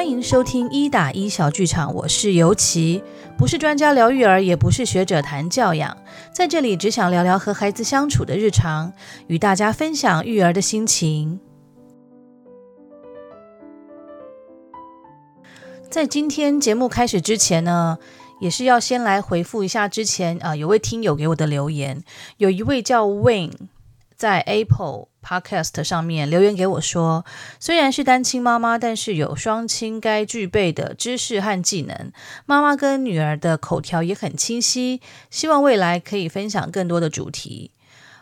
歡迎收聽一打一小劇場，我是尤琪，不是專家聊育兒，也不是學者談教養，在這裡只想聊聊和孩子相處的日常，與大家分享育兒的心情。在今天節目開始之前呢，也是要先來回復一下之前啊有位聽友給我的留言，有一位叫 Win 在 Apple。Podcast 上面留言給我說：“雖然是單親媽媽，但是有雙親該具備的知識和技能。媽媽跟女兒的口條也很清晰。希望未來可以分享更多的主題。”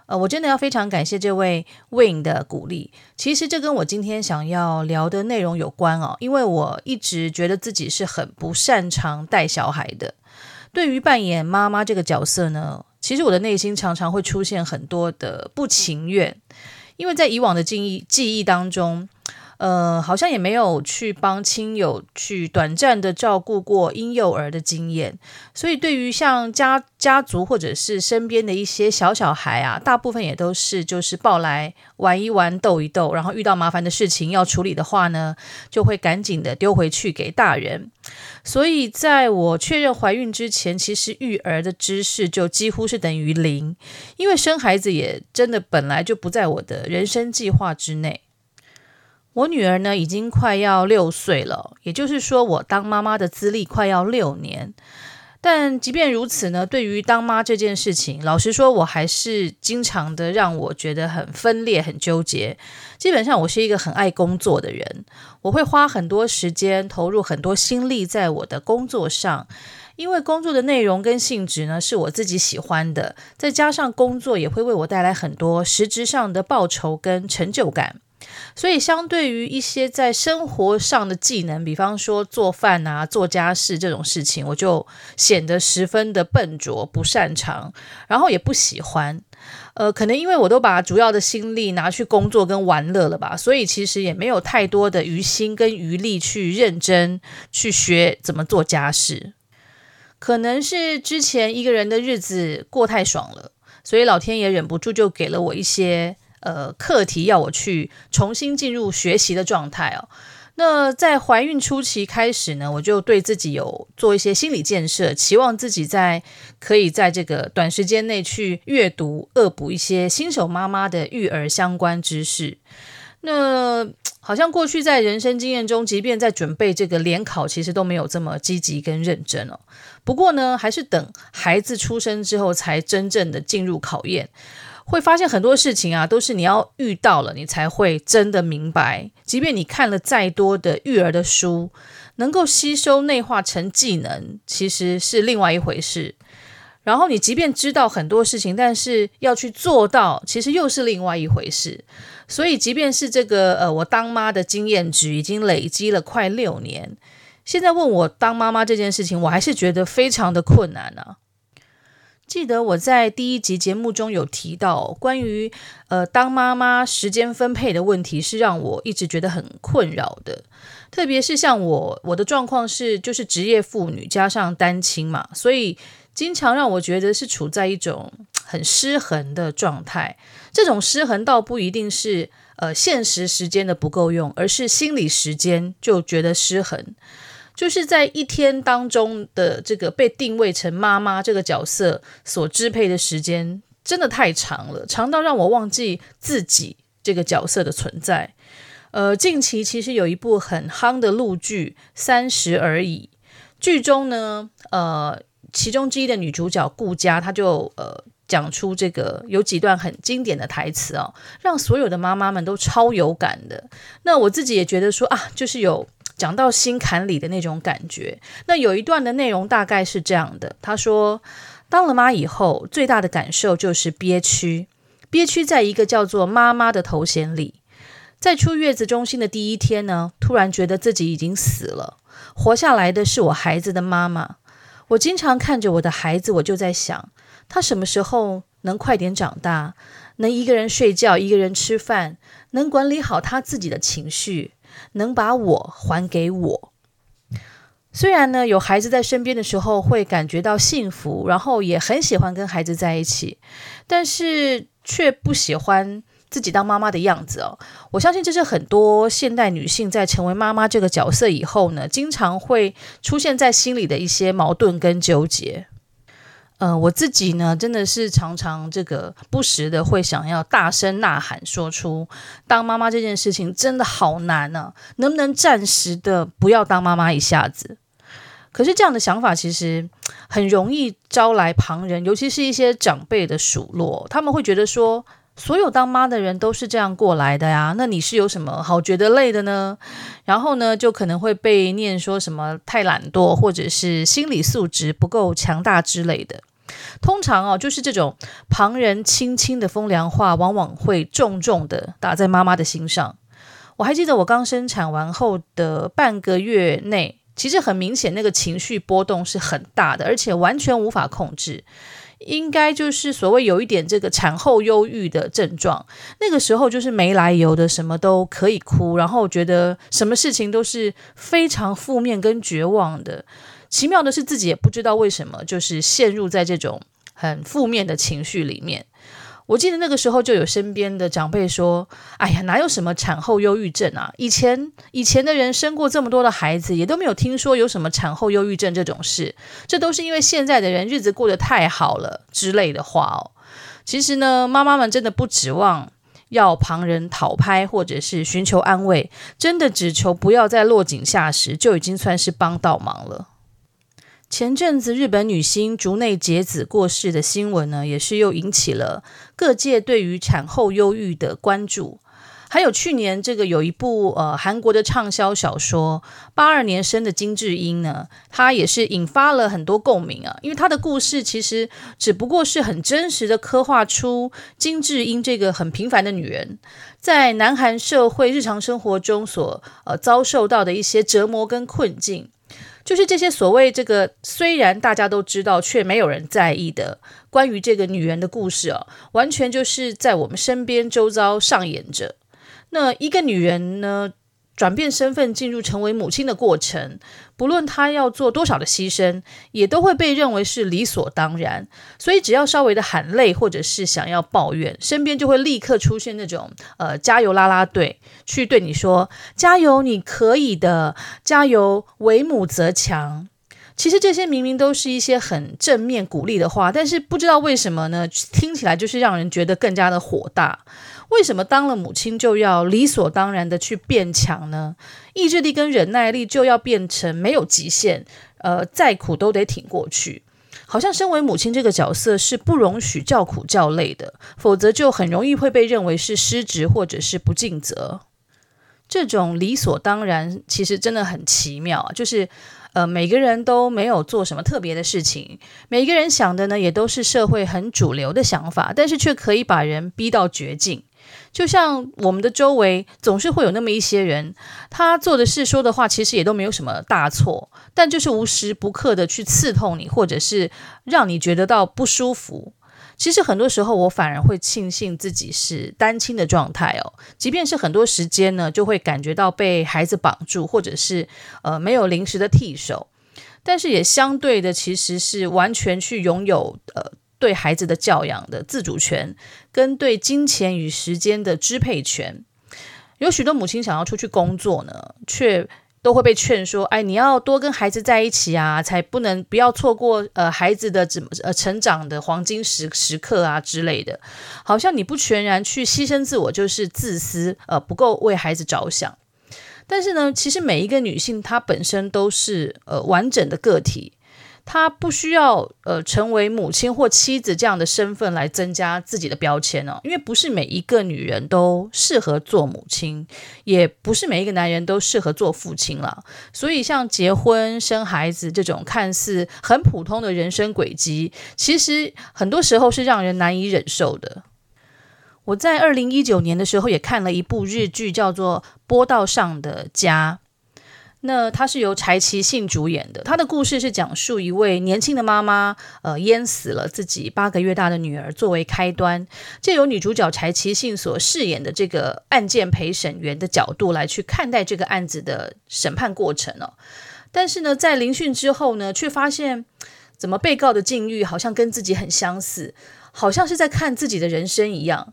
呃，我真的要非常感謝這位 Win 的鼓勵。其實這跟我今天想要聊的內容有關哦，因為我一直覺得自己是很不擅長帶小孩的。對於扮演媽媽這個角色呢，其實我的內心常常會出現很多的不情願。因為在以往的記憶記憶當中。呃，好像也沒有去幫親友去短暫的照顧過嬰幼兒的經驗，所以對於像家家族或者是身邊的一些小小孩啊，大部分也都是就是抱來玩一玩、逗一逗，然後遇到麻煩的事情要處理的話呢，就會趕緊的丟回去給大人。所以在我確認懷孕之前，其實育兒的知識就幾乎是等於零，因為生孩子也真的本來就不在我的人生計劃之內。我女兒呢，已經快要六歲了，也就是說，我當媽媽的資歷快要六年。但即便如此呢，對於當媽這件事情，老實說，我還是經常的讓我覺得很分裂、很糾結。基本上，我是一個很愛工作的人，我會花很多時間、投入很多心力在我的工作上，因為工作的內容跟性質呢，是我自己喜歡的，再加上工作也會為我帶來很多實質上的報酬跟成就感。所以，相對於一些在生活上的技能，比方說做飯啊、做家事這種事情，我就顯得十分的笨拙、不擅長，然後也不喜歡。呃，可能因為我都把主要的心力拿去工作跟玩樂了吧，所以其實也沒有太多的餘心跟餘力去認真去學怎麼做家事。可能是之前一個人的日子過太爽了，所以老天爺忍不住就給了我一些。呃，課題要我去重新進入學習的狀態哦。那在懷孕初期開始呢，我就對自己有做一些心理建設，期望自己在可以在這個短時間內去閱讀，惡補一些新手媽媽的育兒相關知識。那好像過去在人生經驗中，即便在準備這個聯考，其實都沒有這麼積極跟認真哦。不過呢，還是等孩子出生之後，才真正的進入考驗。會發現很多事情啊，都是你要遇到了，你才會真的明白。即便你看了再多的育兒的書，能夠吸收內化成技能，其實是另外一回事。然後你即便知道很多事情，但是要去做到，其實又是另外一回事。所以，即便是這個呃，我當媽的經驗值已經累積了快六年，現在問我當媽媽這件事情，我還是覺得非常的困難啊。記得我在第一集節目中有提到，關於呃當媽媽時間分配的問題，是讓我一直覺得很困擾的。特別是像我，我的狀況是就是職業婦女加上單親嘛，所以經常讓我覺得是處在一種很失衡的狀態。這種失衡倒不一定是呃現實時間的不夠用，而是心理時間就覺得失衡。就是在一天當中的這個被定位成媽媽這個角色所支配的時間，真的太長了，長到讓我忘記自己這個角色的存在。呃，近期其實有一部很夯的陸劇《三十而已》，劇中呢，呃，其中之一的女主角顧佳，她就呃。講出這個有幾段很經典的台詞哦，讓所有的媽媽們都超有感的。那我自己也覺得說啊，就是有講到心坎裡的那種感覺。那有一段的內容大概是這樣的：她說，當了媽以後，最大的感受就是憋屈，憋屈在一個叫做媽媽的頭銜裡。在出月子中心的第一天呢，突然覺得自己已經死了，活下來的是我孩子的媽媽。我經常看着我的孩子，我就在想。他什麼時候能快點長大？能一個人睡覺，一個人吃飯，能管理好他自己的情緒，能把我還給我。雖然呢，有孩子在身邊的時候會感覺到幸福，然後也很喜歡跟孩子在一起，但是卻不喜歡自己當媽媽的樣子哦。我相信這是很多現代女性在成為媽媽這個角色以後呢，經常會出現在心裡的一些矛盾跟糾結。呃，我自己呢，真的是常常這個不時的會想要大聲吶喊，說出當媽媽這件事情真的好難啊！能不能暫時的不要當媽媽一下子？可是這樣的想法其實很容易招來旁人，尤其是一些長輩的數落。他們會覺得說，所有當媽的人都是這樣過來的呀，那你是有什麼好覺得累的呢？然後呢，就可能會被念說什麼太懶惰，或者是心理素質不夠強大之類的。通常哦，就是這種旁人輕輕的風涼話，往往會重重的打在媽媽的心上。我還記得我剛生產完後的半個月內，其實很明顯那個情緒波動是很大的，而且完全無法控制。應該就是所謂有一點這個產後憂鬱的症狀。那個時候就是沒來由的什麼都可以哭，然後覺得什麼事情都是非常負面跟絕望的。奇妙的是，自己也不知道為什麼，就是陷入在這種很負面的情緒裡面。我記得那個時候就有身邊的長輩說：“哎呀，哪有什麼產後憂鬱症啊？以前以前的人生過這麼多的孩子，也都沒有聽說有什麼產後憂鬱症這種事。這都是因為現在的人日子過得太好了之類的話哦。其實呢，媽媽們真的不指望要旁人討拍或者是尋求安慰，真的只求不要再落井下石，就已經算是幫到忙了。”前陣子，日本女星竹內結子過世的新聞呢，也是又引起了各界對於產後憂鬱的關注。還有去年這個有一部呃韓國的暢銷小說，八二年生的金智英呢，她也是引發了很多共鳴啊。因為她的故事其實只不過是很真實的刻畫出金智英這個很平凡的女人，在南韓社會日常生活中所呃遭受到的一些折磨跟困境。就是這些所謂這個，雖然大家都知道，卻沒有人在意的關於這個女人的故事哦，完全就是在我們身邊周遭上演着。那一個女人呢，轉變身份，進入成為母親的過程，不論她要做多少的犧牲，也都會被認為是理所當然。所以，只要稍微的喊累，或者是想要抱怨，身邊就會立刻出現那種呃加油啦啦隊，去對你說加油，你可以的，加油，為母則強。其實這些明明都是一些很正面鼓勵的話，但是不知道為什麼呢，聽起來就是讓人覺得更加的火大。為什麼當了母親就要理所當然的去變強呢？意志力跟忍耐力就要變成沒有極限，呃，再苦都得挺過去。好像身為母親這個角色是不容許叫苦叫累的，否則就很容易會被認為是失職或者是不盡責。這種理所當然其實真的很奇妙啊，就是呃，每個人都沒有做什麼特別的事情，每個人想的呢也都是社會很主流的想法，但是卻可以把人逼到絕境。就像我們的周圍總是會有那麼一些人，他做的事說的話其實也都沒有什麼大錯，但就是無時不刻的去刺痛你，或者是讓你覺得到不舒服。其實很多時候我反而會慶幸自己是單親的狀態哦，即便是很多時間呢就會感覺到被孩子綁住，或者是呃沒有臨時的替手，但是也相對的其實是完全去擁有呃。對孩子的教養的自主權，跟對金錢與時間的支配權，有許多母親想要出去工作呢，卻都會被勸說：“哎，你要多跟孩子在一起啊，才不能不要錯過呃孩子的怎麼呃成長的黃金時時刻啊之類的。好像你不全然去犧牲自我就是自私，呃不夠為孩子着想。但是呢，其實每一個女性她本身都是呃完整的個體。”她不需要呃成為母親或妻子這樣的身份來增加自己的標籤哦，因為不是每一個女人都適合做母親，也不是每一個男人都適合做父親了。所以像結婚生孩子這種看似很普通的人生軌跡，其實很多時候是讓人難以忍受的。我在二零一九年的時候也看了一部日劇，叫做《坡道上的家》。那他是由柴崎幸主演的，他的故事是講述一位年輕的媽媽，呃，淹死了自己八個月大的女兒作為開端，借由女主角柴崎幸所飾演的這個案件陪審員的角度來去看待這個案子的審判過程哦。但是呢，在聆訊之後呢，卻發現怎麼被告的境遇好像跟自己很相似，好像是在看自己的人生一樣。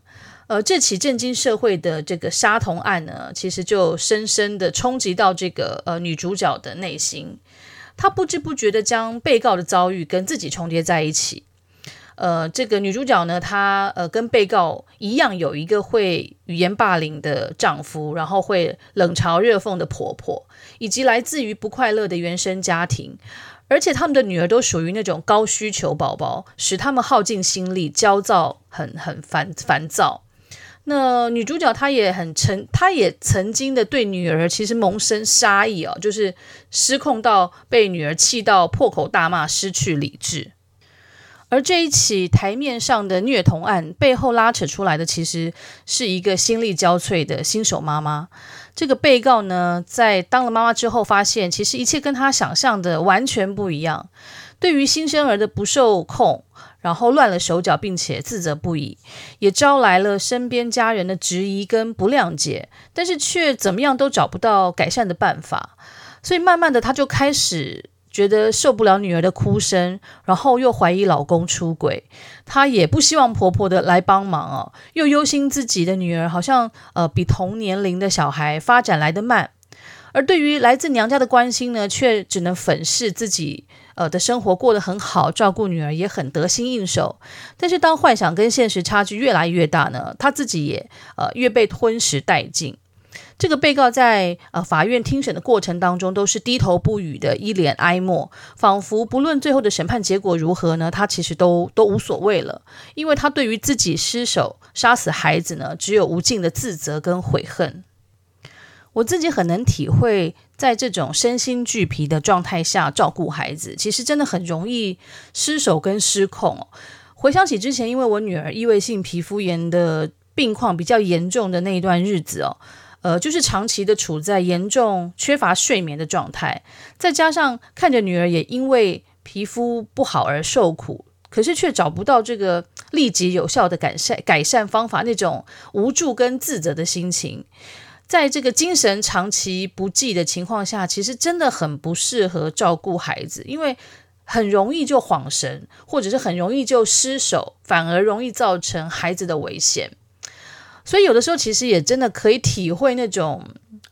呃，這起震驚社會的這個殺童案呢，其實就深深地衝擊到這個呃女主角的內心，她不知不覺地將被告的遭遇跟自己重疊在一起。呃，這個女主角呢，她呃跟被告一樣，有一個會語言霸凌的丈夫，然後會冷嘲熱諷的婆婆，以及來自於不快樂的原生家庭，而且他們的女兒都屬於那種高需求寶寶，使他們耗盡心力，焦躁，很很煩煩躁。那女主角她也很曾，她也曾經的對女兒其實萌生殺意哦，就是失控到被女兒氣到破口大罵，失去理智。而這一起台面上的虐童案背後拉扯出來的，其實是一個心力交瘁的新手媽媽。這個被告呢，在當了媽媽之後發現，其實一切跟她想象的完全不一樣。對於新生兒的不受控。然後亂了手腳，並且自責不已，也招來了身邊家人的質疑跟不諒解，但是卻怎麼樣都找不到改善的辦法，所以慢慢的她就開始覺得受不了女兒的哭聲，然後又懷疑老公出軌，她也不希望婆婆的來幫忙哦，又憂心自己的女兒好像呃比同年齡的小孩發展來得慢，而對於來自娘家的關心呢，卻只能粉飾自己。呃，的生活過得很好，照顧女兒也很得心應手。但是，當幻想跟現實差距越來越大呢，他自己也呃越被吞噬殆盡。這個被告在呃法院聽審的過程當中，都是低頭不語的，一臉哀默，仿佛不論最後的審判結果如何呢，他其實都都無所謂了，因為他對於自己失手殺死孩子呢，只有無盡的自責跟悔恨。我自己很能體會。在這種身心俱疲的狀態下照顧孩子，其實真的很容易失手跟失控。回想起之前，因為我女兒異位性皮膚炎的病況比較嚴重的那一段日子哦，呃，就是長期的處在嚴重缺乏睡眠的狀態，再加上看着女兒也因為皮膚不好而受苦，可是卻找不到這個立即有效的改善改善方法，那種無助跟自責的心情。在這個精神長期不濟的情況下，其實真的很不適合照顧孩子，因為很容易就恍神，或者是很容易就失手，反而容易造成孩子的危險。所以有的時候其實也真的可以體會那種。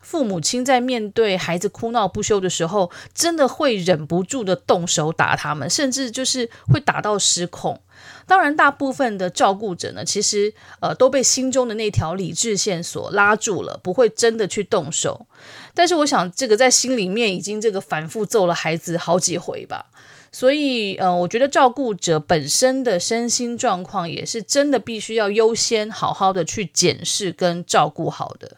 父母親在面對孩子哭鬧不休的時候，真的會忍不住的動手打他們，甚至就是會打到失控。當然，大部分的照顧者呢，其實呃都被心中的那條理智線所拉住了，不會真的去動手。但是，我想這個在心裡面已經這個反覆揍了孩子好幾回吧。所以，呃，我覺得照顧者本身的身心狀況也是真的必須要優先好好的去檢視跟照顧好的。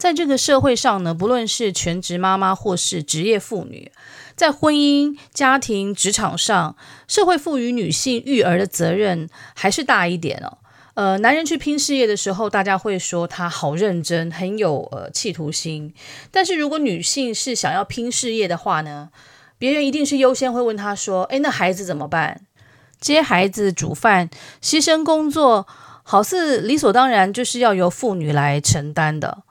在這個社會上呢，不論是全職媽媽或是職業婦女，在婚姻、家庭、職場上，社會賦予女性育兒的責任還是大一點哦。呃，男人去拼事業的時候，大家會說他好認真，很有呃企圖心。但是如果女性是想要拼事業的話呢，別人一定是優先會問她說：“哎，那孩子怎麼辦？”接孩子、煮飯、犧牲工作，好似理所當然就是要由婦女來承擔的。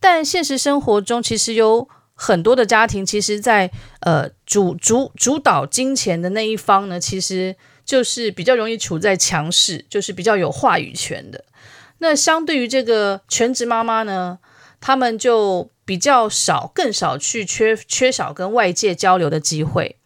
但現實生活中，其實有很多的家庭，其實在，在呃主主主導金錢的那一方呢，其實就是比較容易處在強勢，就是比較有話語權的。那相對於這個全職媽媽呢，他們就比較少，更少去缺缺少跟外界交流的機會，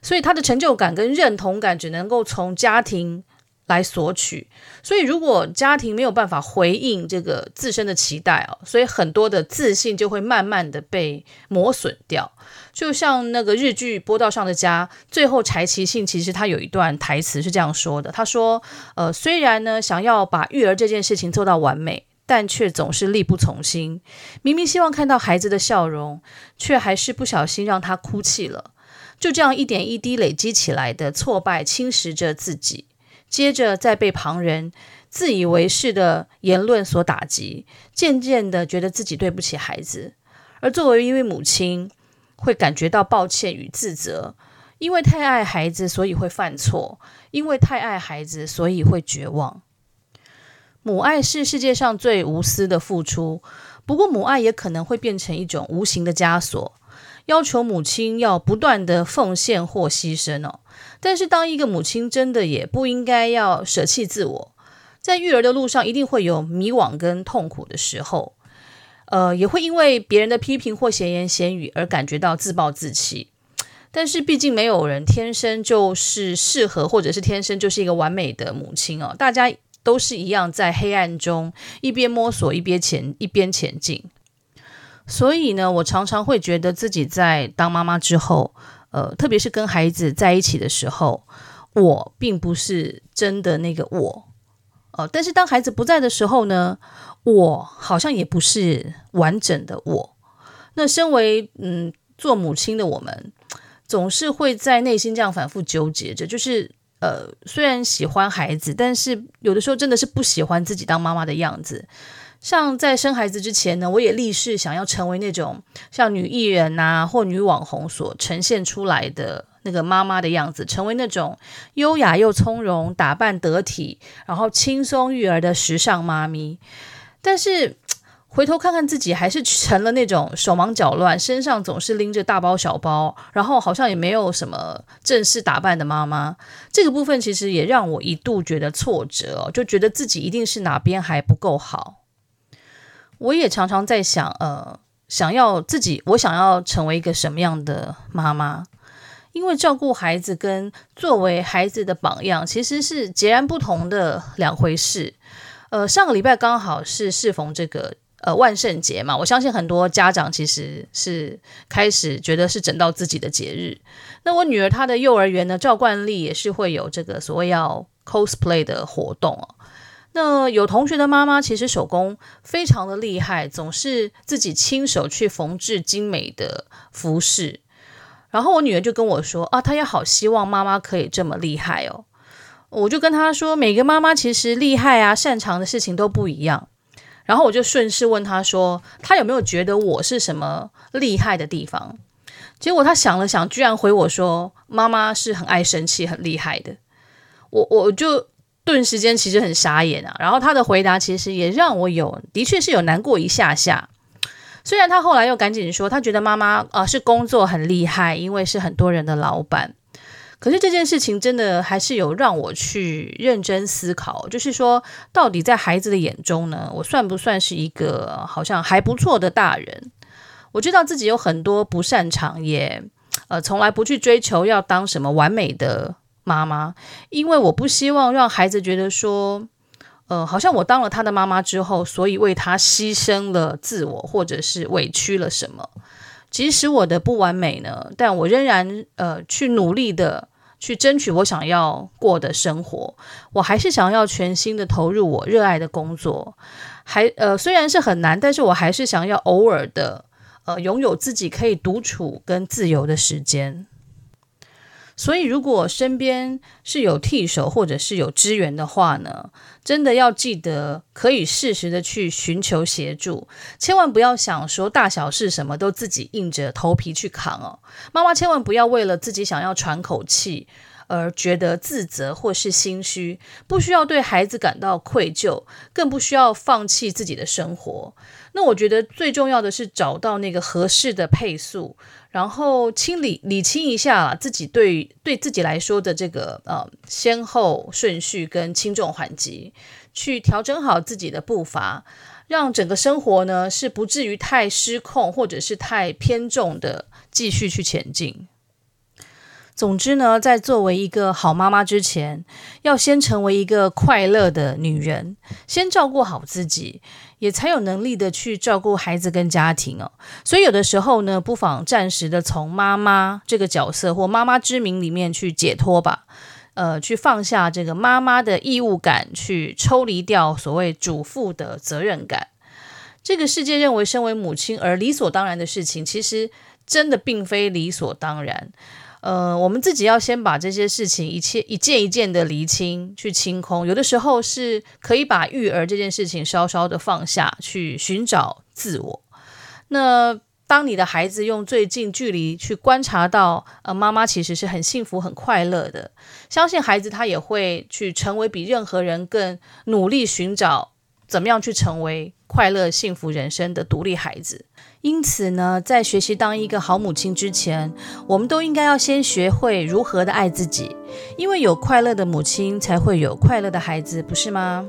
所以她的成就感跟認同感，只能夠從家庭。來索取，所以如果家庭沒有辦法回應這個自身的期待哦，所以很多的自信就會慢慢的被磨損掉。就像那個日劇《波道上的家》，最後柴崎幸其實他有一段台詞是這樣說的：“他說，呃，雖然呢想要把育兒這件事情做到完美，但卻總是力不從心。明明希望看到孩子的笑容，卻還是不小心讓他哭泣了。就這樣一點一滴累積起來的挫敗，侵蝕着自己。”接着再被旁人自以為是的言論所打擊，漸漸的覺得自己對不起孩子，而作為一位母親，會感覺到抱歉與自責，因為太愛孩子，所以會犯錯，因為太愛孩子，所以會絕望。母愛是世界上最無私的付出，不過母愛也可能會變成一種無形的枷鎖。要求母親要不斷的奉獻或犧牲哦，但是當一個母親真的也不應該要捨棄自我，在育兒的路上一定會有迷惘跟痛苦的時候，呃，也會因為別人的批評或閒言閒語而感覺到自暴自棄。但是畢竟沒有人天生就是適合，或者是天生就是一個完美的母親哦，大家都是一樣在黑暗中一邊摸索，一邊前，一邊前進。所以呢，我常常會覺得自己在當媽媽之後，呃，特別是跟孩子在一起的時候，我並不是真的那個我。呃，但是當孩子不在的時候呢，我好像也不是完整的我。那身為嗯做母親的我們，總是會在內心這樣反復糾結着，就是呃，雖然喜歡孩子，但是有的時候真的是不喜歡自己當媽媽的樣子。像在生孩子之前呢，我也立誓想要成為那種像女藝人吶、啊、或女網紅所呈現出來的那個媽媽的樣子，成為那種優雅又從容、打扮得體、然後輕鬆育兒的時尚媽咪。但是回頭看看自己，還是成了那種手忙腳亂、身上總是拎着大包小包，然後好像也沒有什麼正式打扮的媽媽。這個部分其實也讓我一度覺得挫折、哦，就覺得自己一定是哪邊還不夠好。我也常常在想，呃，想要自己，我想要成為一個什麼樣的媽媽？因為照顧孩子跟作為孩子的榜樣其實是截然不同的兩回事。呃，上個禮拜剛好是適逢這個呃萬聖節嘛，我相信很多家長其實是開始覺得是整到自己的節日。那我女兒她的幼兒園呢，照慣例也是會有這個所謂要 cosplay 的活動啊。那有同學的媽媽其實手工非常的厲害，總是自己親手去縫制精美的服飾。然後我女兒就跟我說：“啊，她也好希望媽媽可以這麼厲害哦。”我就跟她說：“每個媽媽其實厲害啊，擅長的事情都不一樣。”然後我就順勢問她說：“她有沒有覺得我是什麼厲害的地方？”結果她想了想，居然回我說：“媽媽是很愛生氣，很厲害的。”我，我就。頓時間其實很傻眼啊，然後他的回答其實也讓我有，的確是有難過一下下。雖然他後來又趕緊說，他覺得媽媽啊，呃，是工作很厲害，因為是很多人的老闆。可是這件事情真的還是有讓我去認真思考，就是說到底在孩子的眼中呢，我算不算是一個好像還不錯的大人？我知道自己有很多不擅長，也呃從來不去追求要當什麼完美的。媽媽，因為我不希望讓孩子覺得說，呃，好像我當了他的媽媽之後，所以為他犧牲了自我，或者是委屈了什麼。即使我的不完美呢，但我仍然呃去努力的去爭取我想要過的生活。我還是想要全心的投入我熱愛的工作，還呃雖然是很難，但是我還是想要偶爾的呃擁有自己可以獨處跟自由的時間。所以，如果身邊是有替手或者是有支援的話呢，真的要記得可以適時的去尋求協助，千萬不要想說大小事什麼都自己硬着頭皮去扛哦。媽媽，千萬不要為了自己想要喘口氣，而覺得自責或是心虛，不需要對孩子感到愧疚，更不需要放棄自己的生活。那我覺得最重要的是找到那個合適的配速，然後清理，理清一下自己對，對自己來說的這個，呃，先後順序跟輕重緩急，去調整好自己的步伐，讓整個生活呢，是不至於太失控或者是太偏重的繼續去前進。總之呢，在作為一個好媽媽之前，要先成為一個快樂的女人，先照顧好自己，也才有能力的去照顧孩子跟家庭哦。所以有的時候呢，不妨暫時的從媽媽這個角色或媽媽之名裡面去解脫吧，呃，去放下這個媽媽的義務感，去抽離掉所謂主婦的責任感。這個世界認為身為母親而理所當然的事情，其實真的並非理所當然。呃，我們自己要先把這些事情一切一件一件的釐清，去清空。有的時候是可以把育兒這件事情稍稍的放下，去尋找自我。那當你的孩子用最近距離去觀察到，呃，媽媽其實是很幸福、很快樂的，相信孩子他也會去成為比任何人更努力尋找。怎麼樣去成為快樂幸福人生的獨立孩子？因此呢，在學習當一個好母親之前，我們都應該要先學會如何的愛自己，因為有快樂的母親，才會有快樂的孩子，不是嗎？